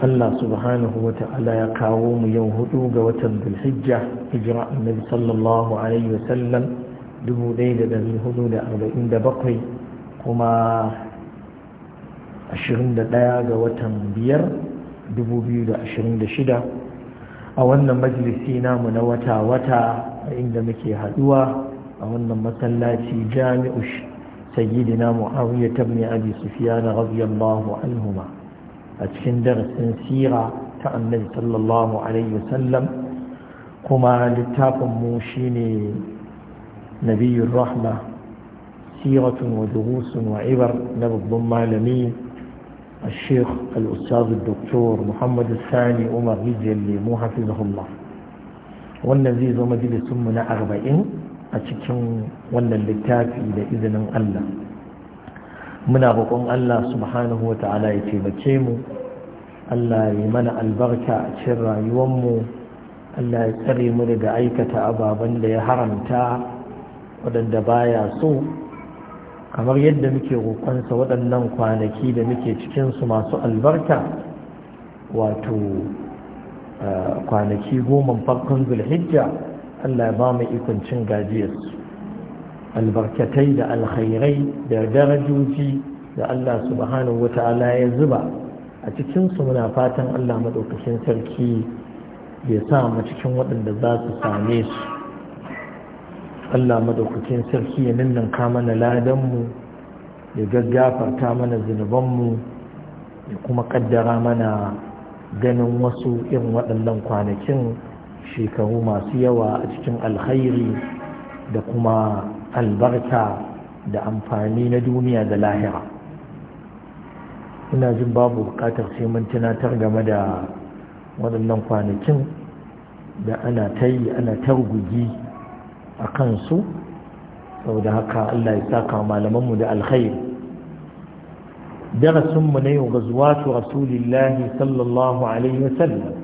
Allah subhanahu wa ta'ala ya kawo mu yau hudu ga watan Zulhijja hijira annabi sallallahu alaihi wa sallam 1447 kuma 21 ga watan biyar 2026 a wannan majalisi namu na wata-wata a inda muke haduwa a wannan masallaci jami'ush sayyidina mu'awiyah ibn abi sufyan radiyallahu anhuma a cikin darasin sira ta annabi sallallahu alaihi wasallam kuma littafinmu shine nabiyyur rahma siratun wa durusun wa ibar na babban malami الشيخ الأستاذ الدكتور محمد الثاني عمر رجلي مو حفظه الله والنزيز na من أربعين أتكن wannan اللتافي إذا إذن الله muna roƙon Allah subhanahu wa ta'ala ya taimake mu Allah ya mana albarka a cikin mu. Allah ya tsare mu daga aikata ababen da ya haramta waɗanda baya so kamar yadda muke roƙonsa waɗannan kwanaki da muke cikinsu masu albarka wato eh, kwanaki goma farkon zulhijja Allah ya ba mu ikon cin gajiyarsu albarkatai da alkhairai da darajoji da Allah subhanahu Ta'ala ya zuba a cikinsu muna fatan Allah maɗaukakin sarki ya sa mu cikin waɗanda za su same su Allah maɗaukakin sarki ya ninninka mana ladanmu ya gaggafarta mana zunubanmu ya kuma ƙaddara mana ganin wasu irin waɗannan kwanakin shekaru masu yawa a cikin alkhairi da kuma albarka da amfani na duniya da lahira ina jin babu bukatar sai mun tunatar game da waɗannan kwanakin da ana ta yi ana targugi a kansu saboda haka Allah ya saka malamanmu da alkhairu. darasinmu na yau ga zuwatu rasulillahi sallallahu alaihi wasallam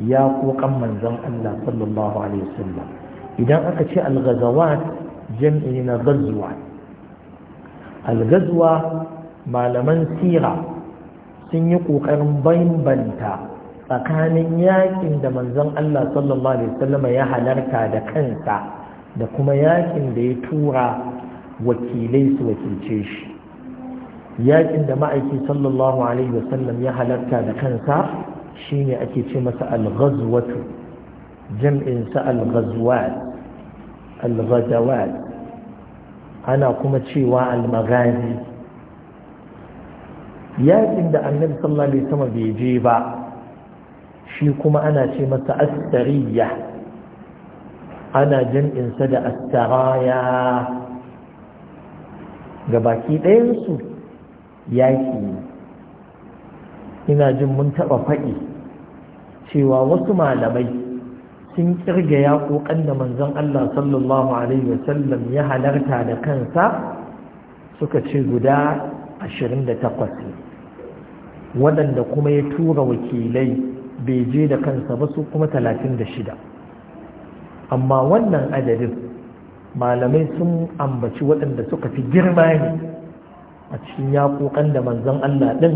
ya kokan manzon Allah sallallahu alaihi wasallam idan aka ce al jam'i na gazuwa algazuwa malaman sira sun yi ƙoƙarin bambanta tsakanin yakin da manzon Allah sallallahu alaihi wasallam ya halarta da kansa da kuma yakin da ya tura wakilai su wakilce shi yakin da ma'aiki sallallahu alaihi wasallam ya halarta da kansa shine ake ce masa al-ghazwatu jam'in sa al al ana kuma cewa al Yaƙin yakin da annabi sallallahu alaihi wasallam bai je ba shi kuma ana ce masa astariya ana jan'insa da astaraya ga baki ɗayansu yaƙi ina jin mun taɓa faɗi cewa wasu malamai sun kirga ya kokan da manzon Allah sallallahu alaihi wasallam ya halarta da kansa suka ce guda 28 waɗanda kuma ya tura wakilai bai je da kansa ba su kuma 36 amma wannan adadin malamai sun ambaci waɗanda suka fi girma ne a cikin ya kokan da manzon Allah ɗin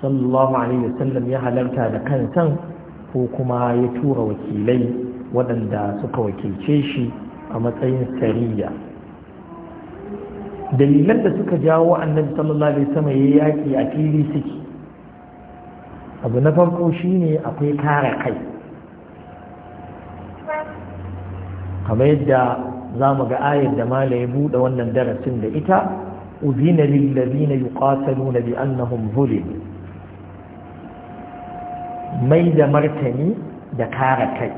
sallallahu alaihi wasallam ya halarta da kansa. ko kuma ya tura wakilai waɗanda suka wakilce shi a matsayin sariya dalilan da suka jawo annabi sallallahu alaihi wasallam ya yaki a fili suke abu na farko shine akwai kare kai kamar yadda za mu ga ayar da mala ya buɗe wannan darasin da ita uzina lil ladina yuqataluna bi annahum zulimu mai da martani da kara kai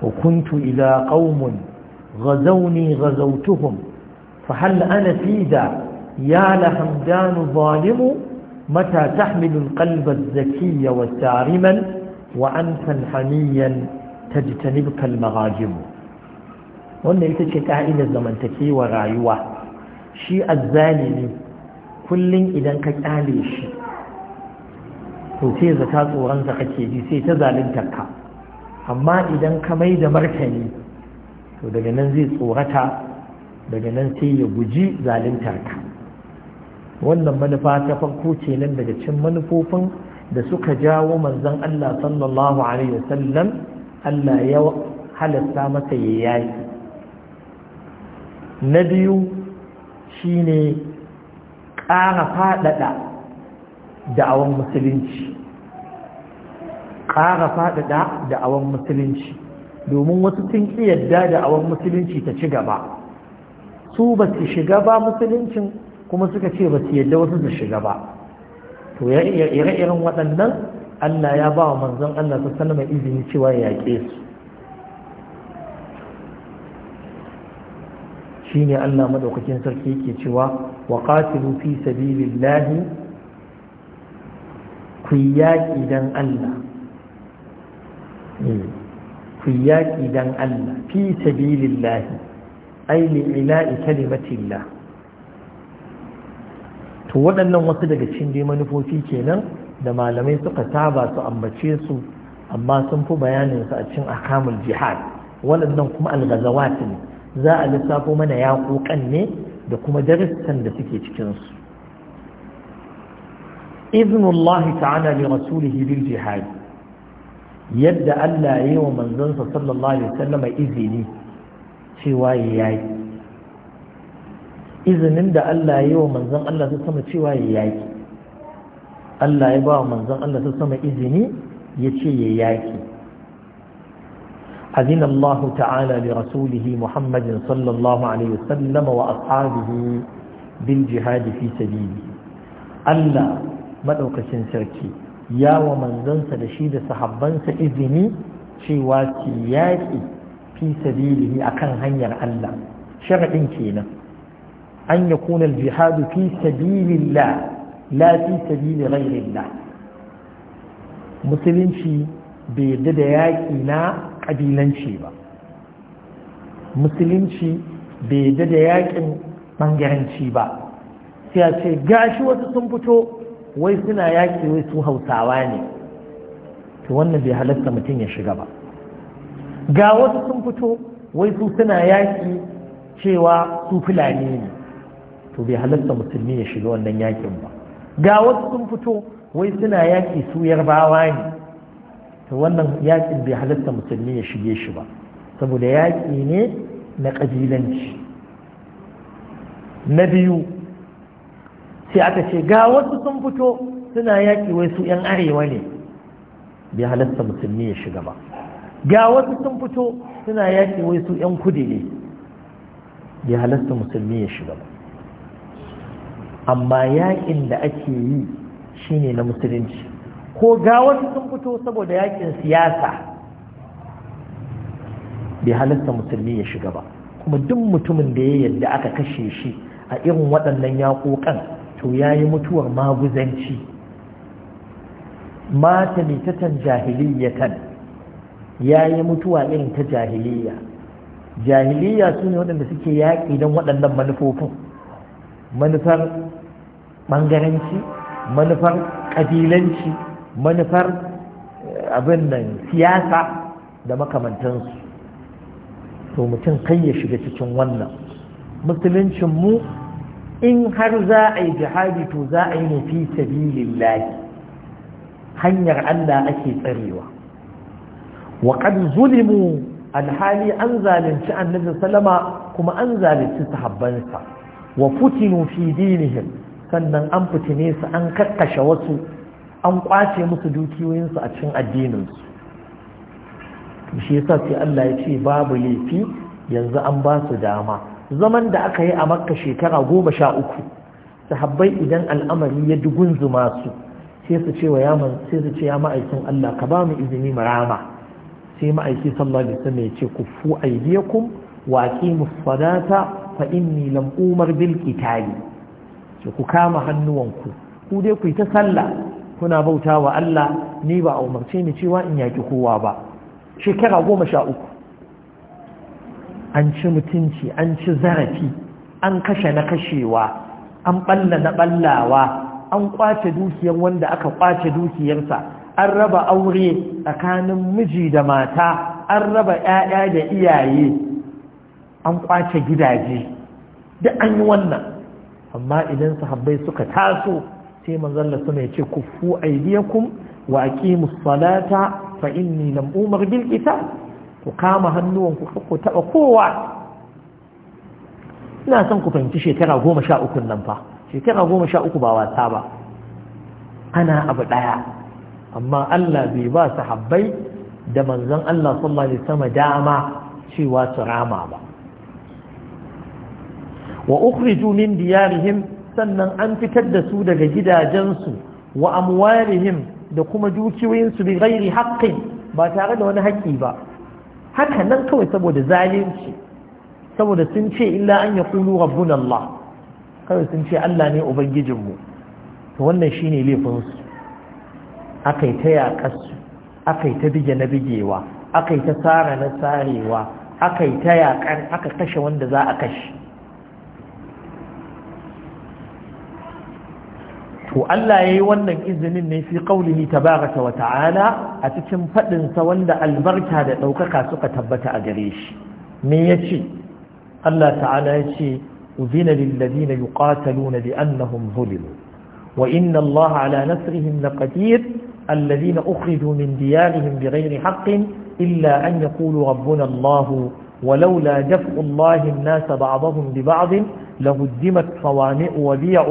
hukuntu ila ƙaunin gazauni gazautuhun fahal ana fi da ya lahamdanu zalimu mata ta hamilun kalbar zakiya wa tsariman wa an tanhaniyan ta jitanibkal wannan ita ce ƙa'idar zamantakewar rayuwa shi azzani ne kullum idan ka ƙyale shi to sai tsoron tsoronsa kake ji sai ta zaluntar ka amma idan ka mai da martani to daga nan zai tsorata daga nan sai ya guji zaluntarka. ka wannan manufa ta farko ce nan daga cikin manufofin da suka jawo manzon Allah sallallahu alaihi wasallam Allah ya halasta masa yayi na biyu shine ƙara faɗaɗa da'awan musulunci ƙara faɗaɗa da'awan musulunci domin wasu sun ƙi yadda da'awan musulunci ta ci gaba su ba su shiga ba musuluncin kuma suka ce ba su yadda wasu su shiga ba to ya ire-iren waɗannan Allah ya ba wa manzon Allah su mai izini cewa ya yaƙe su shi ne Allah maɗaukakin sarki yake cewa wa qatilu fi sabilillahi ku yaƙi don Allah eh, ku yaƙi don Allah fi sabilillahi ai li'ila'i kalimatillah to waɗannan wasu daga cikin dai manufofi kenan da malamai suka saba su ambace su amma sun fi bayanin su a cikin akamul jihad waɗannan kuma algazawat ne za a lissafo mana yaƙoƙan ne da kuma darussan da suke cikinsu iznullahi ta'ala li rasulihi yadda Allah ya yi wa manzansa sallallahu alaihi wasallam izini cewa ya yi izinin da Allah ya yi wa manzan Allah su sama cewa ya yi Allah ya ba wa manzan Allah su sama izini ya ce ya yaki أذن الله تعالى muhammadin sallallahu صلى wa عليه وسلم وأصحابه بالجهاد fi سبيله Allah. maɗaukacin sarki ya wa manzansa da shi da sahabbansa izini cewa ki yaƙi fi sabilihi akan hanyar Allah sharaɗin kenan an ya kuna jihadu fi sabilillah la fi sabili ghairillah musulunci bai yadda da yaƙi na ƙabilanci ba musulunci bai yadda da yaƙin ɓangaranci ba sai a ce gashi wasu sun fito wai suna yaƙi wai su hausawa ne to wannan bai halatta mutum ya shiga ba ga wasu sun fito wai su suna yaƙi cewa su fulani ne to bai halatta musulmi ya shiga wannan yaƙin ba ga wasu sun fito wai suna yaƙi su yarbawa ne to wannan yaƙin bai halatta musulmi ya shige shi ba saboda yaƙi ne na ƙabilanci na biyu sai aka ce ga wasu sun fito suna yaƙi wai su 'yan arewa ne bai halasta musulmi ya shiga ba ga wasu sun fito suna yaƙi wai su 'yan kudi ne bai halasta musulmi ya shiga ba amma yaƙin da ake yi shine na musulunci ko ga wasu sun fito saboda yaƙin siyasa bai halasta musulmi ya shiga ba kuma duk mutumin da ya yadda aka kashe shi a irin waɗannan yaƙoƙan to ya yi mutuwar maguzanci mata jahiliya jahiliyatan ya yi mutuwa irin ta jahiliya jahiliya su ne waɗanda suke yaƙi don waɗannan manufofin manufar ɓangaranci manufar ƙabilanci manufar eh, abin siyasa da makamantansu to mutum kai ya shiga cikin wannan musuluncinmu in har za a yi jihadi to za a yi ne fi sabilillahi hanyar Allah ake tsarewa wa qad zulimu alhali an zalunci annabi salama, kuma an zalunci sahabbansa wa futinu fi dinihim sannan an fitine su an kakkashe wasu an kwace musu dukiyoyinsu a cikin addininsu shi yasa sai Allah ya ce babu laifi yanzu an ba su dama zaman da aka yi a makka shekara goma sha uku sahabbai idan al'amari ya dugunzuma su sai su ce wa yaman sai su ce ya ma'aikin Allah ka ba mu izini mu rama sai ma'aiki sallallahu alaihi wasallam ya ce ku fu aydiyakum wa aqimus salata fa inni lam umar bil qitali ce ku kama hannuwanku ku dai ku yi ta sallah kuna bauta wa Allah ni ba a umarce ni cewa in yaki kowa ba shekara goma sha uku an ci mutunci an ci zarafi an kashe na kashewa an balla na ballawa an kwace dukiyar wanda aka kwace dukiyarsa an raba aure tsakanin miji da mata an raba 'ya'ya da iyaye an kwace gidaje da an yi wannan amma idan sahabbai suka taso sai manzalla suna ya ce ku fu aidiyakum wa aqimus salata fa inni lam umar bil qital ku kama hannuwanku ku taɓa kowa ina son ku fahimci shekara goma sha uku nan fa shekara goma sha uku ba wasa ba ana abu ɗaya amma Allah bai ba su habbai da manzon Allah sallallahu alaihi wasallam dama cewa su rama ba wa ukhriju min diyarihim sannan an fitar da su daga gidajensu wa amwarihim da kuma dukiyoyinsu bi ghairi haqqin ba tare da wani haƙƙi ba haka nan kawai saboda zalunci saboda sun ce illa an ya kulu rabbun Allah kawai sun ce Allah ne ubangijinmu to wannan shine laifinsu aka yi ta yaƙarsu aka yi ta bige na bigewa aka yi ta tsara na tsarewa aka yi ta yaƙar aka kashe wanda za a kashe to Allah yayi wannan izinin ne fi qaulihi tabaraka wa ta'ala a cikin fadin sa wanda albarka da daukaka suka tabbata a gare shi me yace Allah ta'ala yace udhina lil ladina yuqataluna bi annahum zulimu wa inna Allah ala nasrihim laqadir الذين أخرجوا من ديارهم بغير حق إلا أن يقولوا ربنا Allah ولولا دفع الله الناس بعضهم ببعض لهدمت صوامع وبيع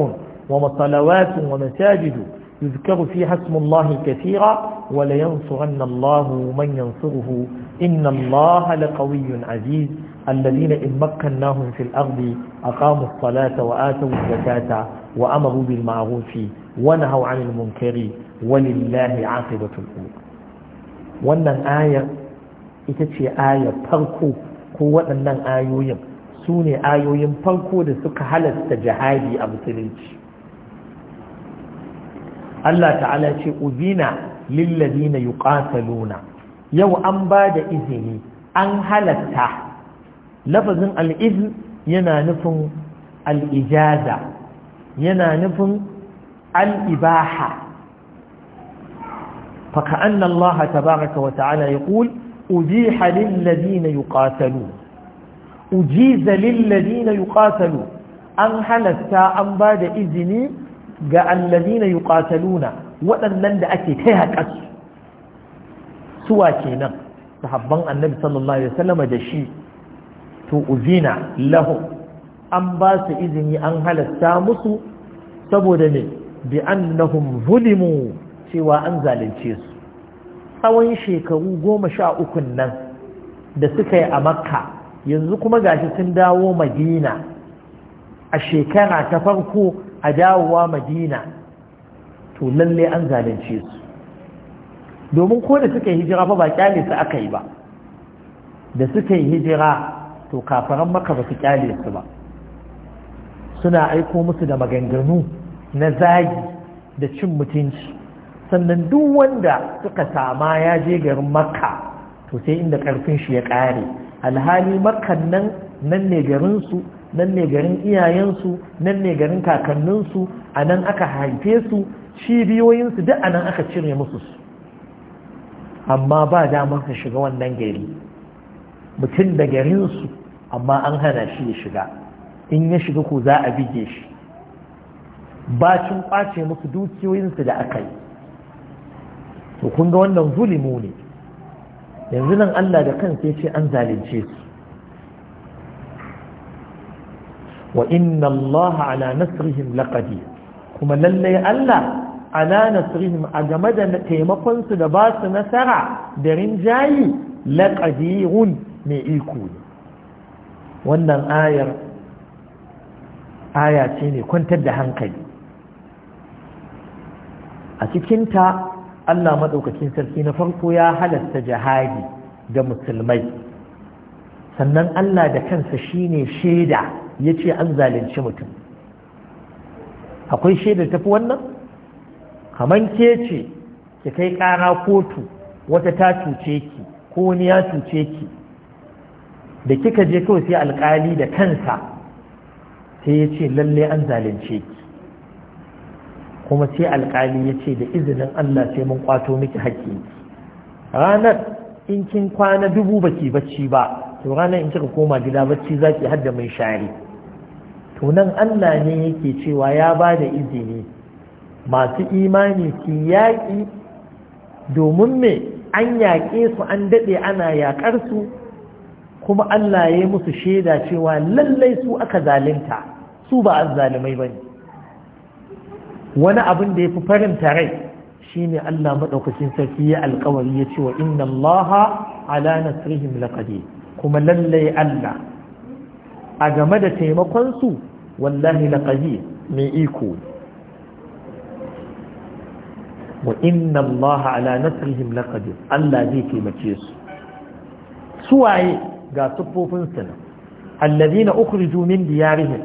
وصلوات ومساجد يذكر فيها اسم الله كثيرا ولينصرن الله من ينصره إن الله لقوي عزيز الذين إن مكناهم في الأرض أقاموا الصلاة وآتوا الزكاة وأمروا بالمعروف ونهوا عن المنكر ولله عاقبة الأمور wannan ayar ita ce ayar farko ko waɗannan ayoyin su ne ayoyin farko da suka halatta jihadi a musulunci Allah ta'ala ce uzina lillazina yuqataluna yau an ba da izini an halatta lafazin al'izn yana nufin al'ijaza yana nufin al'ibaha faka an Allah tabaraka wa ta'ala ya ƙul ujiha lillazina yuqatalu ujiza lillazina yuqatalu an halatta an ba da izini ga allazina yuqataluna waɗannan da ake kai haƙasu suwa kenan sahabban annabi sallallahu alaihi wasallam da shi to uzina lahu an ba su izini an halasta musu saboda ne bi annahum zulimu cewa an zalunce su tsawon shekaru goma sha ukun nan da suka yi a makka yanzu kuma gashi sun dawo madina a shekara ta farko a dawowa madina to lalle an zalunce su domin ko da suka yi hijira fa ba kyale su aka yi ba da suka yi hijira to kafaran maka ba su kyale su ba suna aiko musu da maganganu na zagi da cin mutunci sannan duk wanda suka sama ya je garin makka to sai inda karfin shi ya ƙare alhali makkan nan nan ne garinsu nan ne garin iyayensu nan ne garin kakanninsu a nan aka haife su cibiyoyinsu duk a nan aka cire musu su amma ba damar ka shiga wannan gari mutum da garinsu amma an hana shi ya shiga in ya shiga ku za a bige shi bacin kwace musu dukiyoyinsu da aka yi to kun ga wannan zulimu ne yanzu nan Allah da kansa ya ce an zalunce su wa inna allaha ala nasrihim laqadir kuma lalle Allah ala nasrihim a game da taimakon su da ba su nasara da rinjayi laqadirun mai iko wannan ayar aya ce ne kwantar da hankali a cikinta Allah maɗaukacin sarki na farko ya halasta jihadi ga musulmai sannan Allah da kansa shine shaida ya ce an zalunci mutum akwai shaidar fi wannan kaman ke ce ki kai kara kotu wata ta cuce ki ko wani ya cuce ki da kika je kawai sai alkali da kansa sai ya ce lalle an zalunce ki kuma sai alkali ya ce da izinin Allah sai mun kwato miki haƙƙi ranar in kin kwana dubu baki bacci ba to ranar in kika koma gida bacci zaki hadda mai shari to nan Allah ne yake cewa ya ba da izini masu imani ki yaƙi domin me an yaƙe su an daɗe ana yaƙar su kuma Allah ya yi musu shaida cewa lallai su aka zalunta su ba azzalumai ba ne wani abin da ya fi farin rai ne Allah maɗaukacin sarki ya alkawari ya ce wa inna Allah ala nasrihim laqadir kuma lallai Allah a game da taimakonsu wallahi laqadir mai iko wa inna allaha ala nasrihim laqadir Allah zai taimake su suwaye ga tuffofin su na alladhina ukhriju min diyarihim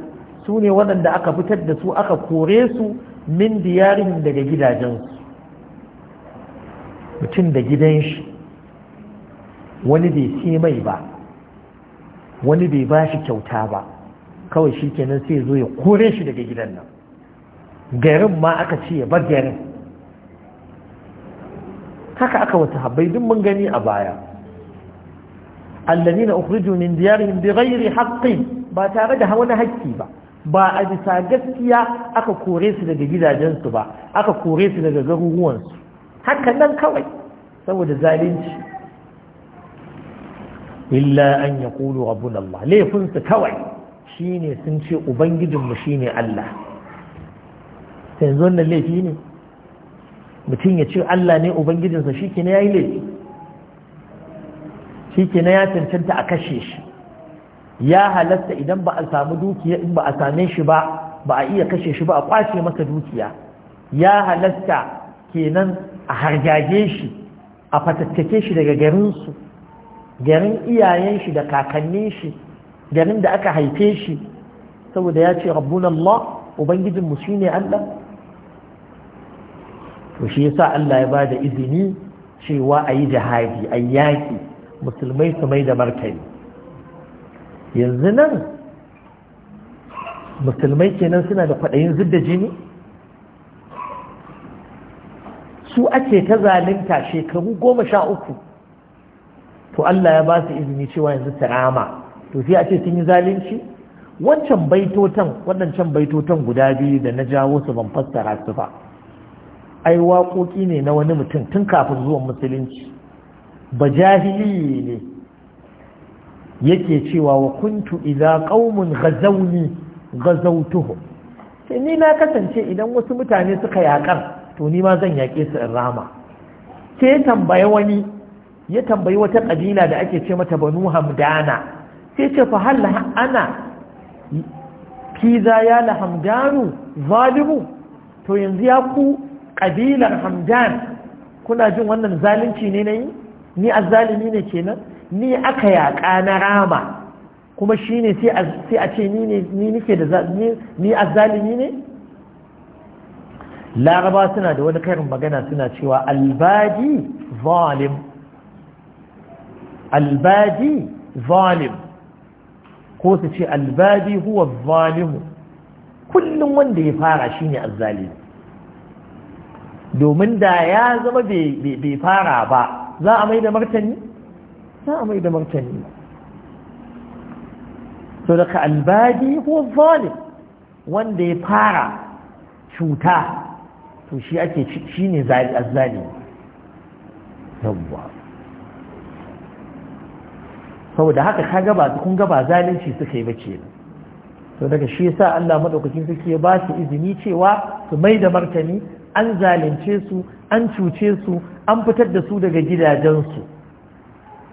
sune waɗanda aka fitar da su aka kore su min diyarihim daga gidajensu mutum da gidan shi wani bai ce mai ba wani bai ba shi kyauta ba kawai shi kenan sai zo ya kore shi daga gidan nan garin ma aka ce ya bar garin haka aka wata habai duk mun gani a baya na ukhriju min diyarihim bighairi haqqin ba tare da wani hakki ba ba a bisa gaskiya aka kore su daga gidajensu ba aka kore su daga garuruwan su haka nan kawai saboda zalunci illa an ya kulu rabbun Allah laifinsu kawai shine sun ce ubangijinmu shine Allah yanzu wannan laifi ne mutum ya ce Allah ne ubangijinsa shi ke na ya laifi shi ya cancanta a kashe shi ya halatta idan ba a samu dukiya in ba a same shi ba ba a iya kashe shi ba a kwace masa dukiya ya halatta kenan a hargage shi a fatattake shi daga garinsu garin iyayen shi da kakannin shi garin da aka haife shi saboda ya ce rabbun Allah ubangijin mu shine Allah to shi yasa Allah ya ba izini cewa ayi jihadi ayyaki yaƙi musulmai su mai da martani yanzu nan musulmai kenan suna da kwaɗayin zudda jini su ake ta zalunta shekaru goma sha uku to Allah ya ba su izini cewa yanzu su rama to sai a ce sun yi zalunci wancan baitotan waɗancan baitotan guda biyu da na jawo su ban fassara su ba ai waƙoƙi ne na wani mutum tun kafin zuwan musulunci ba jahili ne yake cewa wa kuntu idza qaumun ghazawni ghazawtuhum sai ni na kasance idan wasu mutane suka yaƙar, to ni ma zan yake su in rama sai tambaya wani ya tambayi wata kabila da ake ce mata banu hamdana sai ce fa hal ana kiza ya la hamdanu zalimu to yanzu ya ku kabilar hamdan kuna jin wannan zalunci ne na yi? ni a zalimi ne kenan ni aka yaƙa na rama kuma shi ne sai a ce ni nike da ni a zalimi ne laraba suna da wani karin magana suna cewa albadi zalim albadi zalim ko su ce albadi huwa zalimu kullum wanda ya fara shine azzalimi domin da ya zama bai fara ba za a mai da martani za a mai da martani so daga albadi huwa zalim wanda ya fara cuta to shi ake shi ne azzalimi yawwa saboda haka ka gaba kun gaba zalunci suka yi bace to daga shi yasa Allah madaukakin suke ba su izini cewa su mai da martani an zalunce su an cuce su an fitar da su daga su.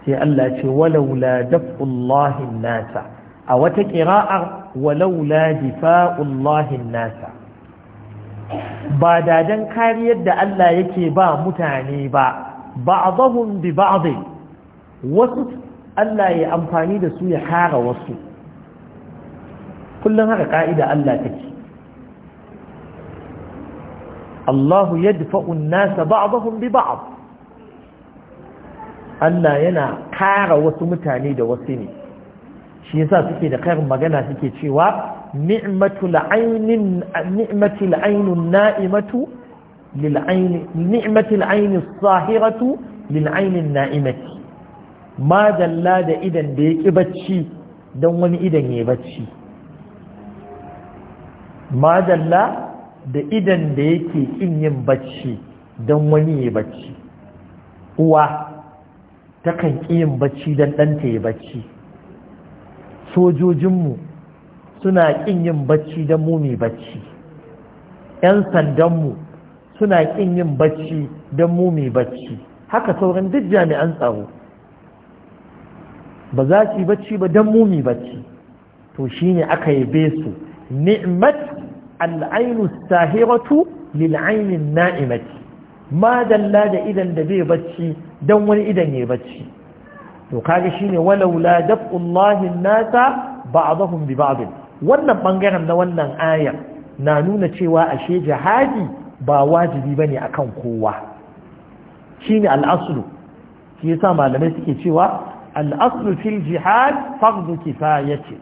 sai Allah ce walaula daf'ullahi nasa a wata qira'a walaula difa'ullahi nasa ba dadan kariyar da Allah yake ba mutane ba ba'dahum bi ba'd wasu Allah ya amfani da su ya kara wasu kullum haka ka'ida Allah take Allahu yadfa'u an-nasa ba'dahum bi ba'd Allah yana kara wasu mutane da wasu ne shi yasa suke da karin magana suke cewa ni'matul aynin ni'matul aynun na'imatu lil ayni ni'matul ayni sahiratu lil aynin na'imati Madalla da idan da ya ƙi bacci don wani idan ya bacci da idan da yake ƙin yin bacci don wani ya bacci uwa takan ƙi yin bacci don ɗanta ya bacci sojojinmu suna ƙin yin bacci don mu mai bacci 'yan sandanmu suna ƙin yin bacci don mu mai bacci haka sauran duk jami'an tsaro ba za su yi bacci ba don mumi bacci to shine aka yabe su ni'imat al'ainu sahiratu lil'ainin na'imati ma dalla da idan da bai bacci don wani idan ya bacci to kaga shine walaula daf'ullahi nasa ba'dahum bi ba'd wannan bangaren na wannan ayar na nuna cewa ashe jihadi ba wajibi ba a akan kowa shine al'aslu shi yasa malamai suke cewa al'aslu fil jihad fardu kifaya ce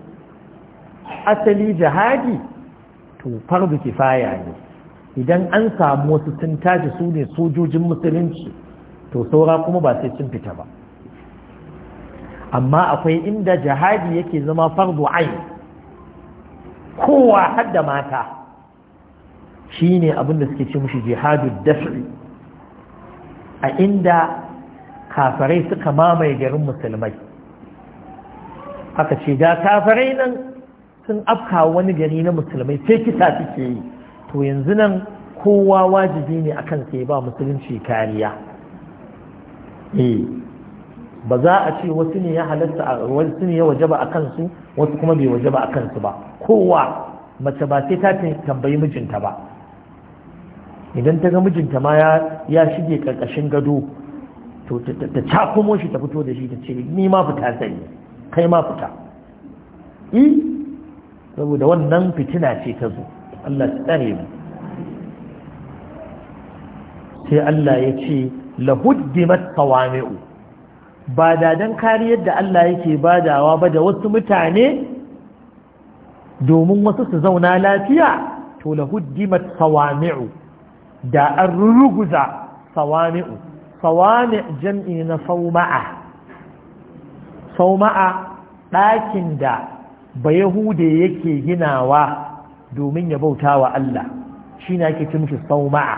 asali jihadi to fardu kifaya ne idan an samu wasu sun tashi su ne sojojin musulunci to saura kuma ba sai sun fita ba amma akwai inda jihadi yake zama fardu ai, kowa hadda mata shine abin da suke ce mushi jihadu daf'i a inda kafirai suka mamaye garin musulmai aka ce da kafirai nan sun afka wani gari na musulmai sai kisa suke yi to yanzu nan kowa wajibi ne akan sai ba musulunci kariya eh ba za a ce wasu ne ya halatta wasu ne ya wajaba a kansu wasu kuma bai wajaba a kansu ba kowa mace ba sai ta tambayi mijinta ba idan ta ga mijinta ma ya shige karkashin gado to ta cakumo shi ta fito da shi ta ce ni ma fita zai kai ma fita i saboda wannan fitina ce ta zo Allah tsare mu sai Allah ya ce lahuddimat qawami'u ba da dan kariyar da Allah yake badawa ba da wasu mutane domin wasu su zauna lafiya to lahuddimat qawami'u da an ruguza qawami'u sawami jam'i na sauma'a sauma'a ɗakin da bayahude yahude yake ginawa domin ya bauta wa Allah shi na ke ci mushi sauma'a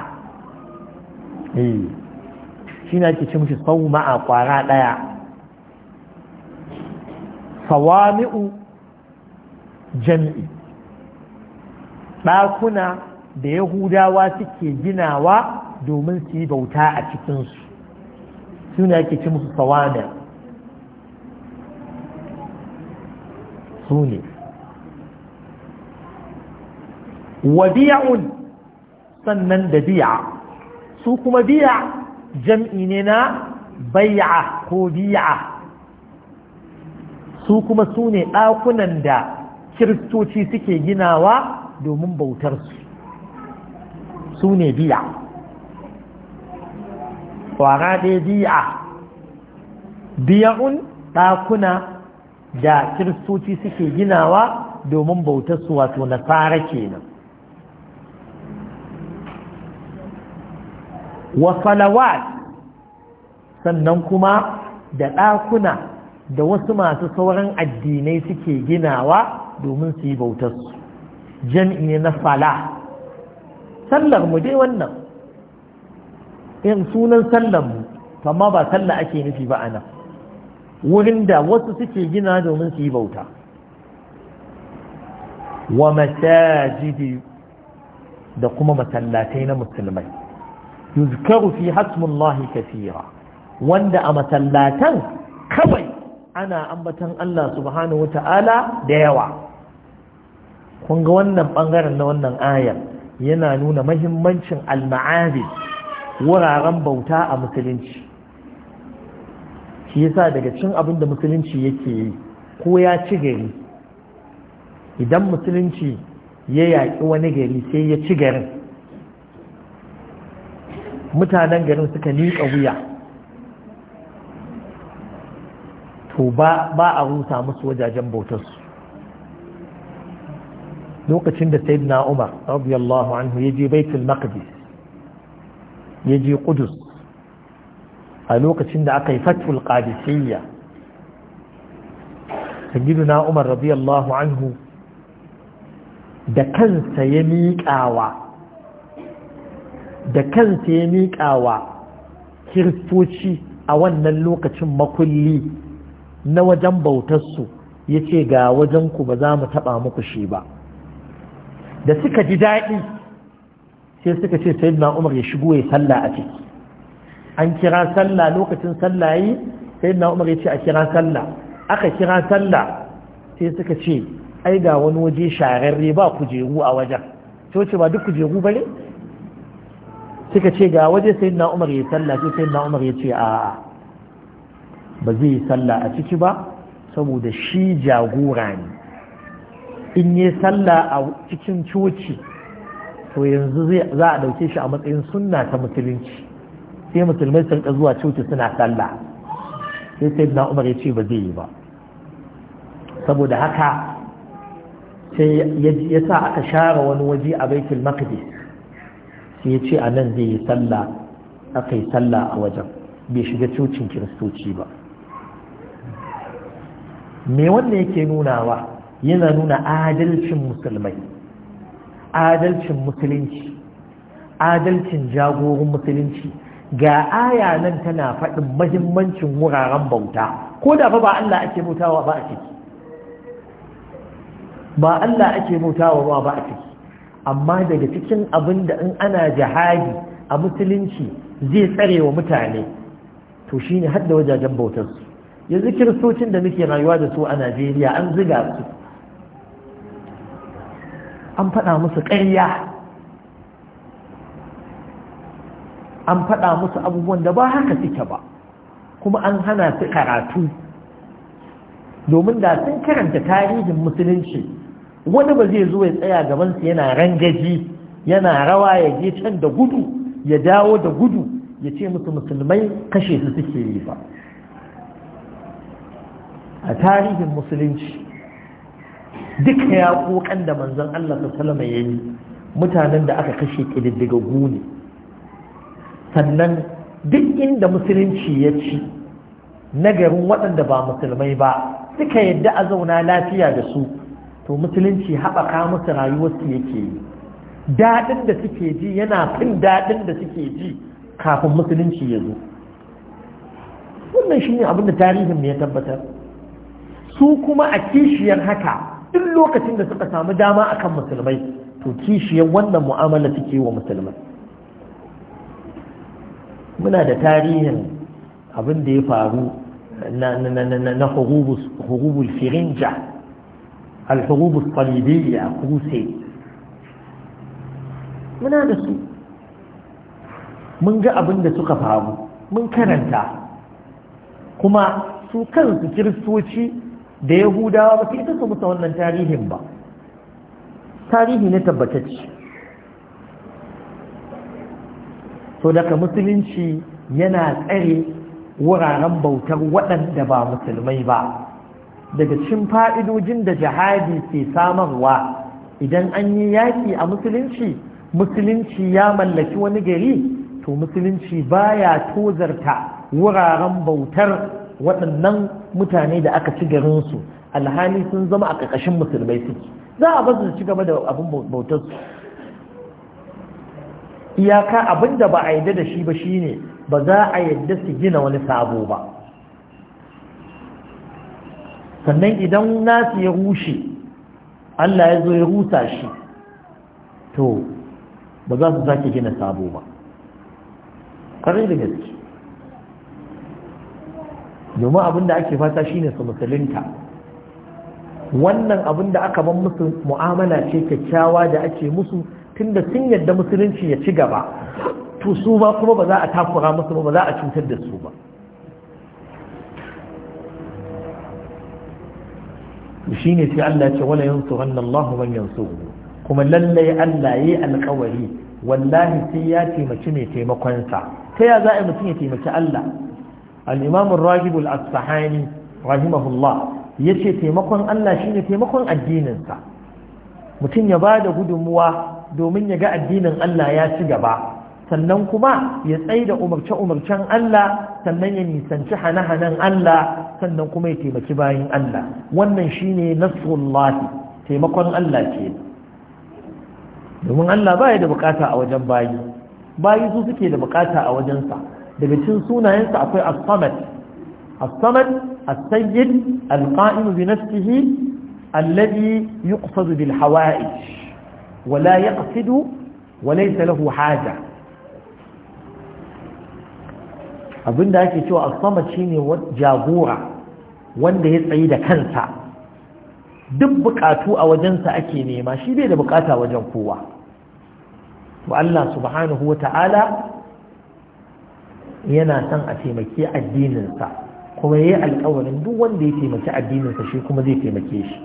eh. shi na ke ci mushi sauma'a ƙwara ɗaya sawami'u jam'i ɗakuna da yahudawa suke ginawa domin su yi bauta a cikinsu suna ne ci musu sawada su ne wadi'un sannan da biya su kuma biya jam'i ne na bai'a ko biya su kuma su ne ɗakunan da kiristoci suke ginawa domin bautarsu su ne biya kwara ɗaya bi'a biya'un ɗakuna da kiristoci suke ginawa domin bautarsu wato nasara kenan wa salawat sannan kuma da ɗakuna da wasu masu sauran addinai suke ginawa domin su yi bautarsu jam'i na fala sallar mu dai wannan in sunan sallan mu amma ba sallah ake nufi ba ana wurin da wasu suke gina domin su yi bauta wa masajidi da kuma masallatai na musulmai yuzkaru fi hasmullahi kafira, wanda a masallatan kawai ana ambatan Allah subhanahu wata'ala da yawa kun ga wannan bangaren na wannan ayar yana nuna mahimmancin al-ma'abid wuraren bauta a musulunci shi yasa daga cin abin da musulunci yake yi ko ya ci gari idan musulunci ya yaƙi wani gari sai ya ci garin mutanen garin suka nika wuya to ba a rusa musu wajajen bautarsu lokacin da sayyidina umar yallahu anhu ya je baitul maqdis ya je Qudus a lokacin da aka yi fatul qadisiyya na Umar radiyallahu anhu da kansa ya miƙawa da kansa ya miƙawa kiristoci a wannan lokacin makulli na wajen bautar su, yace ga wajenku ba za mu taɓa muku shi ba da suka ji daɗi sai suka ce sayyidina umar ya shigo ya salla a ciki an kira salla lokacin salla yi sayyidina umar ya ce a kira salla aka kira salla sai suka ce ai ga wani waje shararre ba kujeru a wajen coci ba duk kujeru ba ne suka ce ga waje sayyidina umar ya salla sai sayyidina umar ya ce a ba zai salla a ciki ba saboda shi jagora ne in yi salla a cikin coci to yanzu za a ɗauke shi a matsayin sunna ta musulunci sai musulmai sun ka zuwa cuta suna sallah sai sai na umar ya ce ba zai yi ba saboda haka sai ya sa aka share wani waje a baitul maqdis sai ya ce a nan zai yi sallah aka yi sallah a wajen bai shiga cocin kiristoci ba me wanda yake nunawa yana nuna adalcin musulmai adalcin musulunci adalcin jagorin musulunci ga aya nan tana faɗin mahimmancin wuraren bauta ko da ba Allah ake bautawa ba a ciki ba Allah ake bautawa ba a ciki amma daga cikin abin da in ana jihadi a musulunci zai tsare wa mutane to shine hadda wajajen bautar ya yanzu kiristocin da muke rayuwa da su a Najeriya an ziga su an faɗa musu ƙarya an faɗa musu abubuwan da ba haka suke ba kuma an hana su karatu domin da sun karanta tarihin musulunci wani ba zai zo ya tsaya gabansu yana rangaji yana rawa ya je can da gudu ya dawo da gudu ya ce musu musulmai kashe su suke yi ba a tarihin musulunci duka ya kokan da manzon Allah alaihi ya yi mutanen da aka kashe kididdiga gune sannan duk inda musulunci ya ci nagarin waɗanda ba musulmai ba suka yadda a zauna lafiya da su to musulunci haɓaka musu rayuwarsu yake yi daɗin da suke ji yana fin daɗin da suke ji kafin musulunci ya zo wannan shi ne abin da tarihin ya tabbatar su kuma a kishiyar haka duk lokacin da suka samu dama akan musulmai to kishiyar wannan mu'amala suke wa musulmai muna da tarihin abin da ya faru na hurubul firinja al salibiyya Kusai. muna da su mun ga abin da suka faru mun karanta kuma su kansu kiristoci da yahudawa ba su isa su musa wannan tarihin ba tarihi ne tabbatacce so daga musulunci yana tsare wuraren bautar waɗanda ba musulmai ba daga cin fa'idojin da jihadi ke samarwa idan an yi yaƙi a musulunci musulunci ya mallaki wani gari to musulunci baya tozarta wuraren bautar waɗannan mutane da aka ci garinsu alhali sun zama a ƙarƙashin musulmai suke za a basu ci gaba da abin bautar su iyaka abin da ba a yadda da shi ba shine ba za a yadda su gina wani sabo ba sannan idan nasu ya rushe Allah ya zo ya rusa shi to ba za su sake gina sabo ba ƙarfi da gaske domin abin da ake fata shine su musulunta wannan abin da aka ban musu mu'amala ce kyakkyawa da ake musu tunda sun yadda musulunci ya ci gaba to su ba kuma ba za a takura musu ba ba za a cutar da su ba shi ne sai Allah ce wala yansu wannan Allah man yansu kuma lallai Allah yi alkawari wallahi sai ya taimaki mai taimakonsa ta ya za a mutum ya taimaki Allah al-imam ar rahimahullah ya ce taimakon Allah shine taimakon addininsa. mutum ya bada gudunmuwa domin ya ga addinin Allah ya ci gaba sannan kuma ya tsaye da umarce-umarcen Allah sannan ya nisanci hane-hanen Allah sannan kuma ya taimaki bayan Allah wannan shine nasrullahi taimakon Allah ke. domin Allah baya da bukata a wajen bayi bayi su suke da bukata a wajensa da cikin sunayensa akwai as-samad as-samad as-sayyid al-qa'im bi nafsihi alladhi yuqsadu bil hawa'ij wa la yaqsidu wa laysa lahu haja abinda ake cewa as-samad shine jagora wanda ya tsayi da kansa duk bukatu a wajensa ake nema shi bai da bukata wajen kowa wa Allah subhanahu wa ta'ala yana son a taimaki addininsa kuma ya yi alkawarin duk wanda ya taimaki addininsa shi kuma zai taimake shi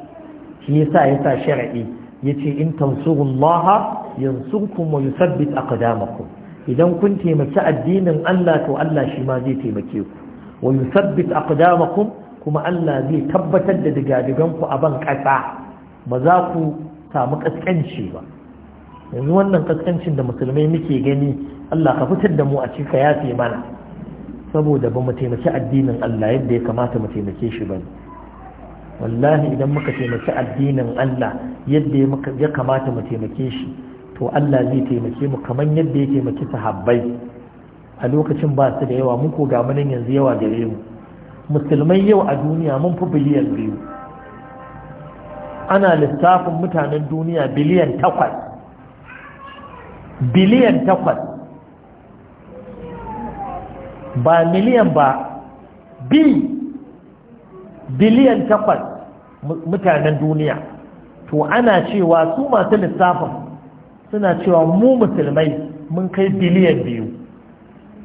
shi ya sa ya sa shara'i ya ce in kuma yansurkum wa a aqdamakum idan kun taimaki addinin Allah to Allah shi ma zai taimake ku wa a aqdamakum kuma Allah zai tabbatar da digadigan ku a ban ƙasa ba za ku samu kaskanci ba yanzu wannan kaskancin da musulmai muke gani Allah ka fitar da mu a cikin yafe mana saboda ba mu taimaki addinin Allah yadda ya kamata mu taimake shi ba wallahi idan muka taimaki addinin Allah yadda ya kamata mu taimake shi to Allah zai taimake mu kamar yadda ya taimaki sahabbai a lokacin ba su da yawa muku ga munin yanzu yawa gare mu musulmai yau a duniya mun fi biliyan biyu ana lissafin mutanen duniya biliyan takwas biliyan takwas ba miliyan ba bi biliyan takwas mutanen duniya to ana cewa su masu lissafin suna cewa mu musulmai mun kai biliyan biyu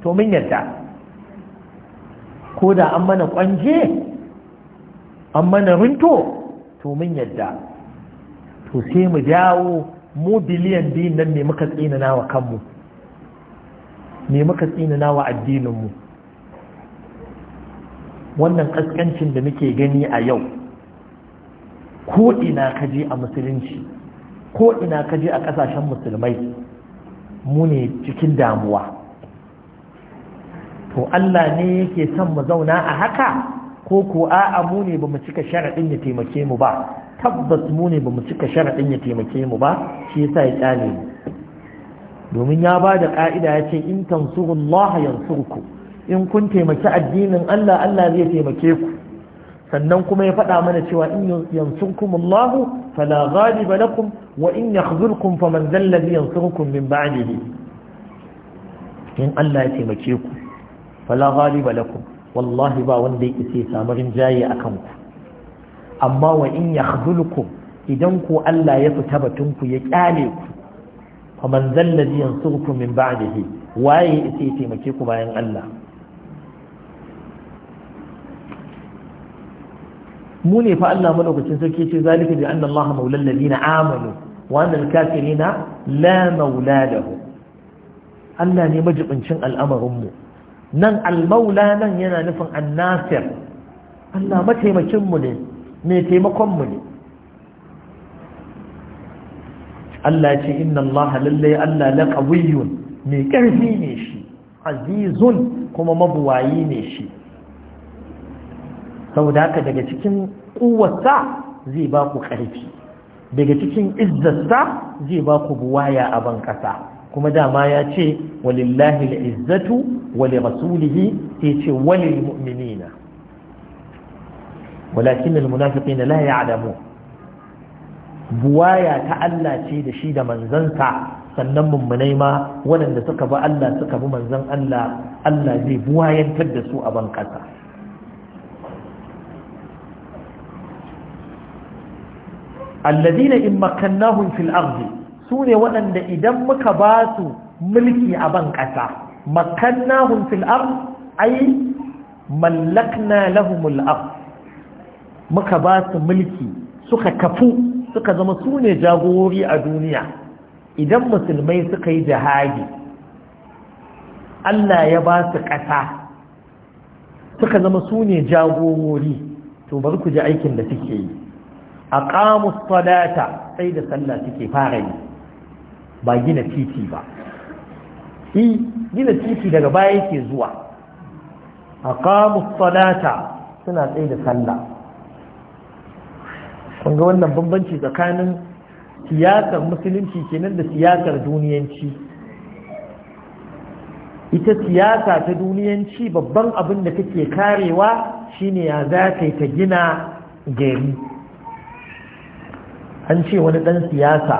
to mun yadda. ko da an mana kwanje an mana rinto to mun yadda. to sai mu jawo mu biliyan biyu nan ne muka tsinana wa kanmu me muka tsinana wa addininmu wannan kaskancin da muke gani a yau ko ina ka je a musulunci ko ina ka je a kasashen musulmai mu ne cikin damuwa to Allah ne yake son mu zauna a haka ko ko a'a mu ne bamu cika sharadin ya taimake mu ba tabbas mu ne bamu cika sharadin ya taimake mu ba shi yasa ya kyale domin ya ba da ƙa'ida ya ce in tansuru Allah yansurku in kun taimaki addinin Allah Allah zai taimake ku sannan kuma ya faɗa mana cewa in yansurkum Allah fala ghaliba lakum wa in yakhzurkum faman dhal ladhi yansurkum min ba'dihi in Allah ya taimake ku fala ghaliba lakum wallahi ba wanda ya isa samu jaye akan ku amma wa in yakhzulkum idan ku Allah ya fita batun ku ya kyale ku faman zallazi yansurukum min ba'dihi waye sai ya taimake ku bayan Allah mu ne fa Allah madaukakin sarki ce zalika bi anna Allah maulal ladina amanu wa anna al-kafirina la maula lahu Allah ne majibincin al'amarin mu nan al-maula nan yana nufin an-nasir Allah mataimakin mu ne mai taimakon mu ne Allah ce inna Allah lallai Allah laqawiyyun mai karfi ne shi azizun kuma mabuwayi ne shi saboda haka daga cikin kuwarsa zai ba ku daga cikin izzarsa zai ba ku buwaya a ban kasa kuma dama ya ce walillahi al'izzatu wali rasulihi sai ce walil mu'minina walakin al-munafiqina la ya'lamun buwaya ta Allah ce da shi da manzansa sannan mummunai ma waɗanda suka bi Allah suka bi manzan Allah Allah zai buwayantar da su a ban ƙasa alladina in makannahum fil su ne waɗanda idan muka ba su mulki a ban ƙasa makannahum fil ardi ai mallakna lahumul muka ba su mulki suka kafu suka zama su ne jagorori a duniya idan musulmai suka yi jihadi Allah ya ba su ƙasa suka zama su ne jagorori to bari ku ji aikin da suke yi a ƙamus salata sai da sallah suke fara yi ba gina titi ba E, gina titi daga baya yake zuwa a ƙamus salata suna tsaye da sallah kun ga wannan bambanci tsakanin siyasar musulunci kenan da siyasar duniyanci ita siyasa ta duniyanci babban abin da take karewa shine ya za ta ta gina gari an ce wani dan siyasa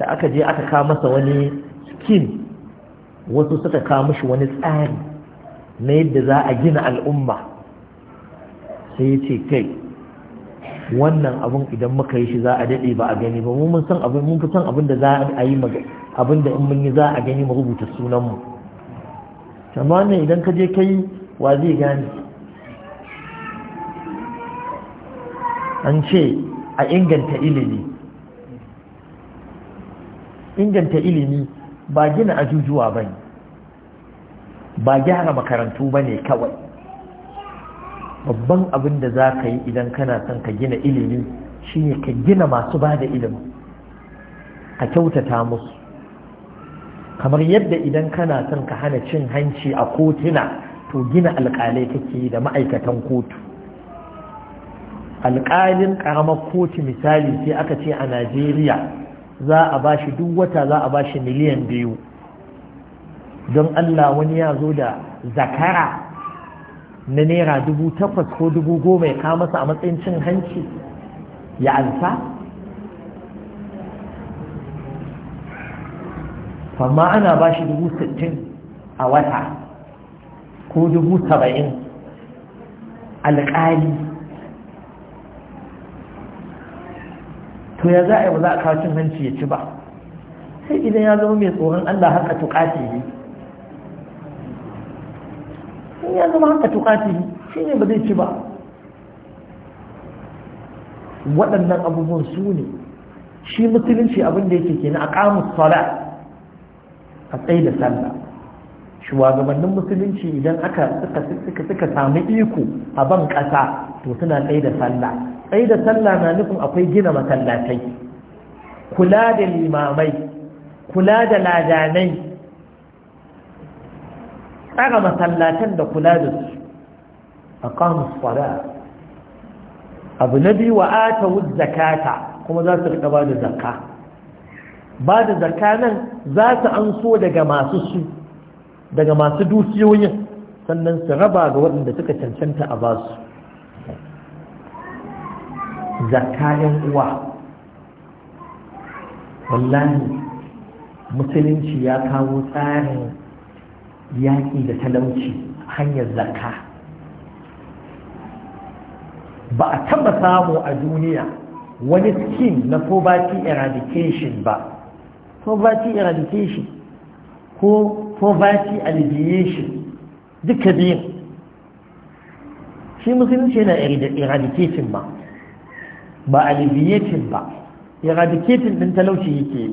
da aka je aka ka masa wani skin wasu suka ka mashi wani tsari na yadda za a gina al'umma sai ya ce kai wannan abun idan muka yi shi za a daɗe ba a gani ba mu mun san abin mun fi san abin da za a yi abin da in mun yi za a gani mu rubuta sunan mu amma ne idan ka je kai wa zai gane an ce a inganta ilimi inganta ilimi ba gina ajujuwa ba ne ba gyara makarantu ba ne kawai babban abin da za ka yi idan kana son ka gina ilimi shine ka gina masu ba da ilimi ka kyautata musu kamar yadda idan kana son ka hana cin hanci a kotuna to gina alƙalai kake da ma'aikatan kotu alƙalin ƙaramar kotu misali sai aka ce a najeriya za a ba shi duk wata za a ba shi miliyan biyu don allah wani ya zo da zakara na naira dubu takwas ko dubu goma ya kawo masa a matsayin cin hanci ya ansa amma ana ba shi dubu sittin a wata ko dubu saba'in alƙali to ya za a yi wa za a kawo cin hanci ya ci ba sai idan ya zama mai tsoron allah haka tuƙati ne ya zama haka tukatihi shi ne ba zai ci ba waɗannan abubuwan su ne shi musulunci abin da yake kenan a ƙamus sala a tsaye da sallah shugabannin musulunci idan aka suka samu iko a ban ƙasa to suna tsaye da sallah tsaye da sallah na nufin akwai gina masallatai kula da limamai kula da ladanai tsara masallatan da kula da su a kamus abu na biyu wa ata zakata kuma za su riƙa ba da zakka ba da zakka nan za su an daga masu su daga masu dukiyoyin sannan su raba ga waɗanda suka cancanta a basu zakayen uwa wallahi musulunci ya kawo tsarin yaƙi da talauci hanyar zakka ba a taba samu a duniya wani skin na poverty eradication ba poverty eradication ko poverty alleviation duka biyun shi musulunci yana eradication ba ba alleviating ba eradication din talauci yake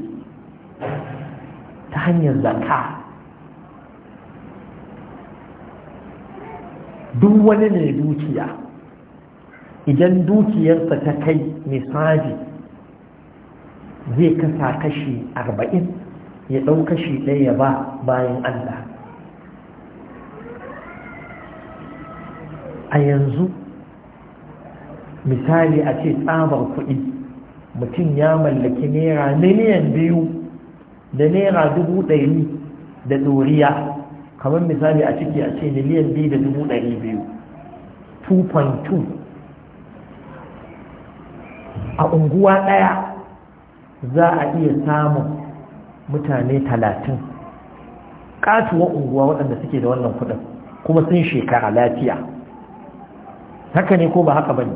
ta hanyar zakka duk wani ne dukiya idan dukiyarsa ta kai misali zai kasa kashi arba'in ya ɗau kashi ɗaya ba bayan Allah a yanzu misali a ce tsabar kuɗi mutum ya mallaki naira miliyan biyu da naira dubu ɗari da ɗoriya kamar misali a ciki a ce miliyan biyu da dubu ɗari biyu 2.2 a unguwa ɗaya za a iya samun mutane talatin katuwar unguwa waɗanda suke da wannan kuɗin kuma sun shekara lafiya haka ne ko ba haka ba ne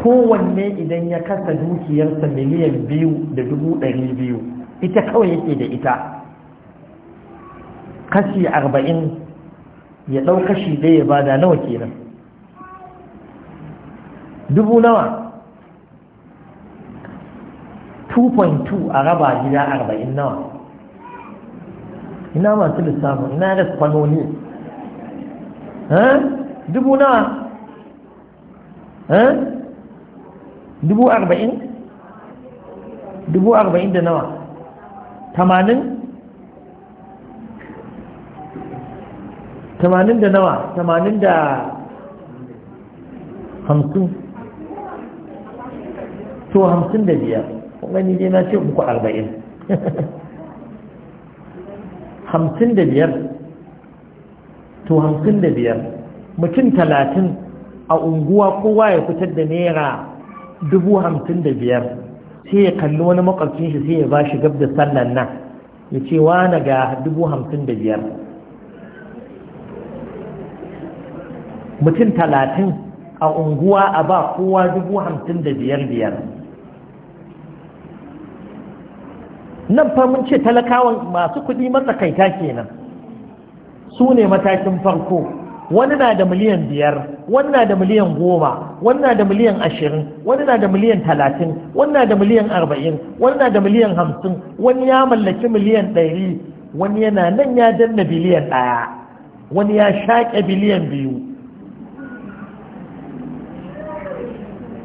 kowanne idan ya kasa dukiyarsa miliyan biyu da dubu ɗari biyu ita kawai yake da ita kashi arba'in ya ɗau kashi ɗaya ya bada nawa kenan dubu nawa 2.2 a raba gida arba'in nawa ina masu lissafi ina da kwanoni eh? dubu nawa eh? dubu arba'in dubu arba'in da nawa tamanin tamanin da nawa tamanin da hamsin to hamsin da biyar wani ne na ce muku arba'in hamsin da biyar to hamsin da biyar mutum talatin a unguwa kowa ya fitar da naira dubu hamsin da biyar sai ya kalli wani makwabcin shi sai ya ba shi gab da sallan nan ya ce wa na ga dubu hamsin da biyar mutum talatin a unguwa a ba kowa dubu hamsin da biyar biyar nan fa mun ce talakawan masu kuɗi matsakaita kenan su ne matakin farko wani na da miliyan biyar wani na da miliyan goma wani na da miliyan ashirin wani na da miliyan talatin wani na da miliyan arba'in wani na da miliyan hamsin wani ya mallaki miliyan ɗari wani yana nan ya danna biliyan ɗaya wani ya shaƙe biliyan biyu